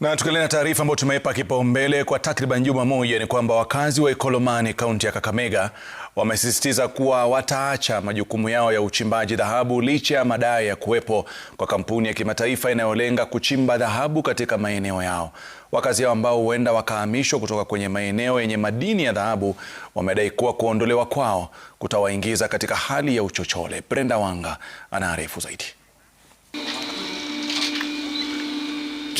Na tukiendelea na taarifa ambayo tumeipa kipaumbele kwa takriban juma moja, ni kwamba wakazi wa Ikolomani kaunti ya Kakamega wamesisitiza kuwa wataacha majukumu yao ya uchimbaji dhahabu licha ya madai ya kuwepo kwa kampuni ya kimataifa inayolenga kuchimba dhahabu katika maeneo yao. Wakazi hao ambao huenda wakahamishwa kutoka kwenye maeneo yenye madini ya dhahabu wamedai kuwa kuondolewa kwao kutawaingiza katika hali ya uchochole. Brenda Wanga anaarifu zaidi.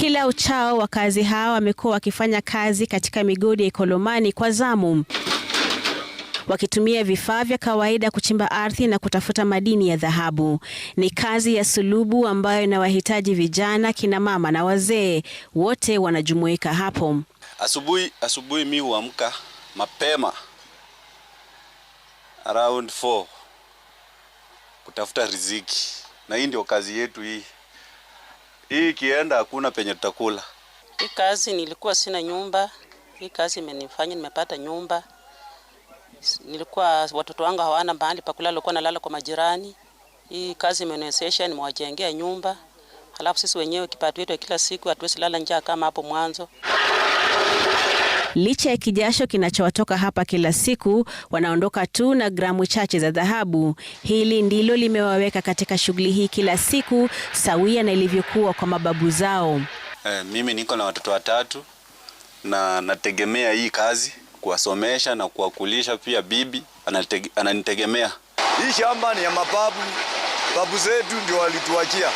Kila uchao wakazi hao wamekuwa wakifanya kazi katika migodi ya Ikolomani kwa zamu, wakitumia vifaa vya kawaida kuchimba ardhi na kutafuta madini ya dhahabu. Ni kazi ya sulubu ambayo inawahitaji vijana, kina mama na wazee, wote wanajumuika hapo. Asubuhi asubuhi mi huamka mapema around 4 kutafuta riziki, na hii ndio kazi yetu hii. Hii ikienda hakuna penye tutakula. Hii kazi nilikuwa sina nyumba, hii kazi imenifanya nimepata nyumba. Nilikuwa watoto wangu hawana mahali pa kulala, walikuwa nalala kwa majirani. Hii kazi imeniwezesha nimewajengea nyumba, halafu sisi wenyewe kipato yetu kila siku hatuwezi lala njaa kama hapo mwanzo. Licha ya kijasho kinachowatoka hapa kila siku, wanaondoka tu na gramu chache za dhahabu. Hili ndilo limewaweka katika shughuli hii kila siku, sawia na ilivyokuwa kwa mababu zao. E, mimi niko na watoto watatu na nategemea hii kazi kuwasomesha na kuwakulisha pia. Bibi ananitegemea. Hii shamba ni ya mababu, babu zetu ndio walituachia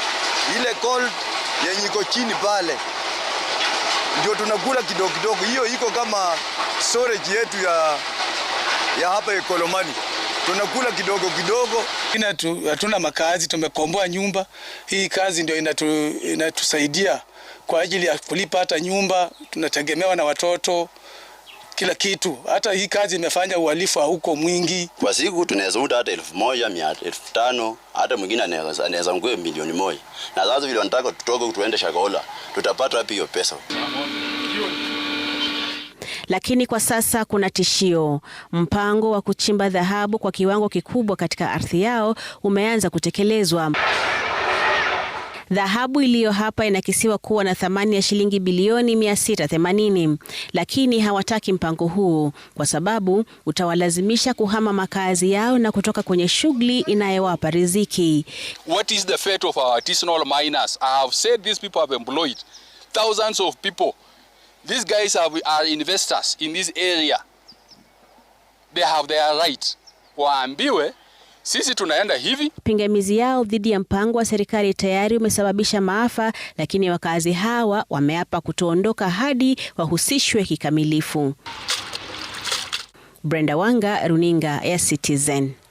ile gold yenye iko chini pale ndio tunakula kidogo kidogo. Hiyo iko kama storage yetu ya, ya hapa Ikolomani tunakula kidogo kidogo. Hatuna makazi, tumekomboa nyumba. Hii kazi ndio inatu, inatusaidia kwa ajili ya kulipa hata nyumba, tunategemewa na watoto kila kitu. Hata hii kazi imefanya uhalifu hauko mwingi, kwa siku tunaweza uta hata elfu moja mia elfu tano hata mwingine anaweza ngue milioni moja, na sasa vile wanataka tutoke tuende shakola tutapata wapi hiyo pesa? Lakini kwa sasa kuna tishio. Mpango wa kuchimba dhahabu kwa kiwango kikubwa katika ardhi yao umeanza kutekelezwa. Dhahabu iliyo hapa inakisiwa kuwa na thamani ya shilingi bilioni 680, lakini hawataki mpango huu kwa sababu utawalazimisha kuhama makazi yao na kutoka kwenye shughuli inayowapa riziki. What is the fate of our artisanal miners? I have said these people have employed thousands of people. These guys are, are investors in this area. They have their right. Waambiwe sisi tunaenda hivi. Pingamizi yao dhidi ya mpango wa serikali tayari umesababisha maafa, lakini wakazi hawa wameapa kutoondoka hadi wahusishwe kikamilifu. Brenda Wanga, Runinga ya Citizen.